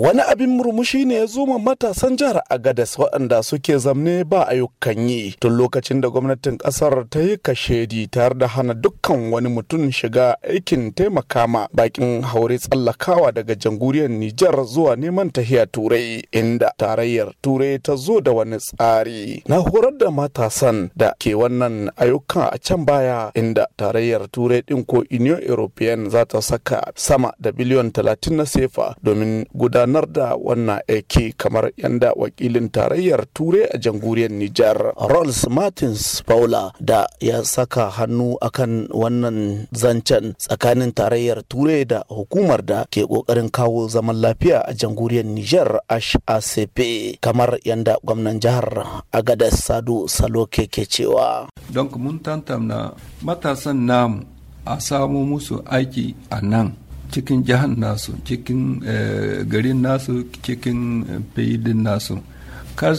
wani abin murmushi ne ya zuma matasan jihar agadas waɗanda suke zamne ba ayyukan yi tun lokacin da gwamnatin ƙasar ta yi kashedi tare da hana dukkan wani mutum shiga aikin taimakama. ma bakin haure tsallakawa daga jamhuriyar nijar zuwa neman tahiya turai inda tarayyar turai ta zo da wani tsari na horar da matasan da ke wannan ayyukan a can baya inda tarayyar turai din ko union european za ta saka sama da biliyon talatin na sefa domin gudanar gudanar da wannan aiki kamar yanda wakilin tarayyar turai a jamhuriyar Nijar Rolls Martins Paula da ya saka hannu akan wannan zancen tsakanin tarayyar turai da hukumar da ke kokarin kawo zaman lafiya a jamhuriyar Nijar HACP kamar yanda gwamnan jihar Agadez Sado Saloke ke cewa. Don mun tantamna matasan namu a samu musu aiki a nan. cikin jihar nasu cikin eh, garin nasu cikin eh, fayidin nasu kar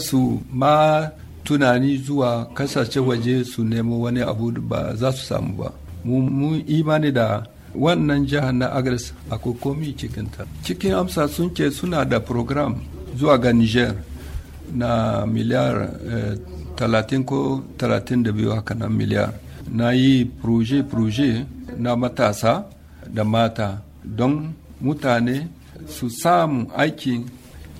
ma tunani zuwa kasashe waje su nemo wani abu ba za su samu ba mun imani da wannan jihar na agres akwai komi ta. cikin amsa sun ce suna da program zuwa ga niger na miliyar eh, talatin ko talatin biyu haka na miliyar na yi proje-proje na matasa da mata don mutane su samu aikin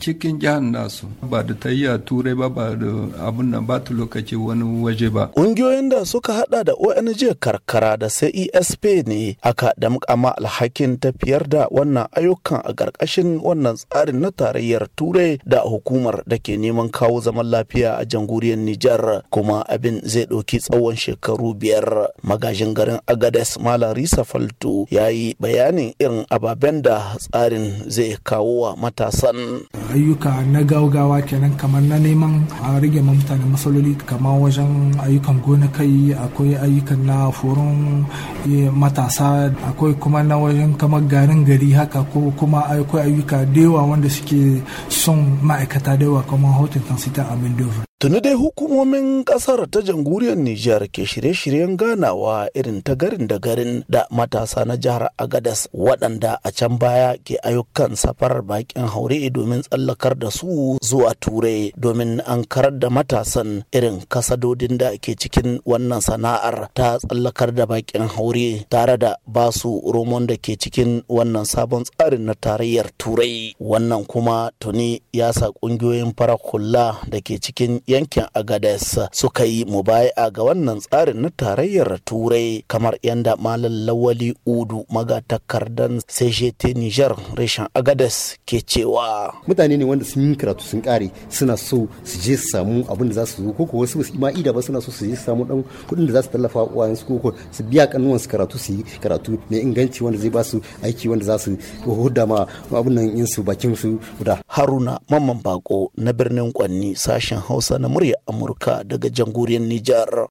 cikin jihar nasu ba da tayya turai ba ba da abun nan ba ta lokaci wani waje ba ƙungiyoyin da suka hada da ong karkara da cesp ne aka damƙama alhakin tafiyar da wannan ayyukan a ƙarƙashin wannan tsarin na tarayyar turai da hukumar da ke neman kawo zaman lafiya a jamhuriyar nijar kuma abin zai ɗauki tsawon shekaru biyar magajin garin agades malarisa Faltu ya yi bayanin irin ababen da tsarin zai kawo wa matasan ayyuka na gaugawa kenan kamar na neman a rage ma mutane matsaloli kamar wajen ayyukan kai akwai ayyukan na foron e, matasa akwai kuma na wajen kamar garin gari haka ko kuma akwai ayyuka da wanda suke son ma'aikata da yawa kamar hotun kan sita a Mendoza. Tuni dai hukumomin kasar ta jamhuriyar Nijar ke shirye-shiryen ganawa irin ta garin da garin da matasa na jihar Agadas waɗanda a can baya ke ayyukan safar bakin haure domin tsallakar da su zuwa turai domin an karar da matasan irin kasadodin da ke cikin wannan sana'ar ta tsallakar da bakin haure tare da basu romon da ke cikin wannan sabon tsarin na tarayyar turai wannan kuma tuni ya sa ƙungiyoyin fara hula da ke cikin yankin Agades suka yi mubaya ga wannan tsarin na tarayyar Turai kamar yanda Malam Lawali Udu magatakardan CGT Niger reshen Agades ke cewa. Mutane ne wanda sun yi karatu sun kare suna so su je su samu abin da za su zo koko wasu ma ida ba suna so su je su samu dan kuɗin da za su tallafa wa su koko su biya kanuwan su karatu su yi karatu mai inganci wanda zai ba su aiki wanda za su hudda ma abin nan yin su bakin su guda. Haruna Mamman Bako na birnin Kwanni sashen Hausa na murya Amurka daga jamhuriyar Nijar.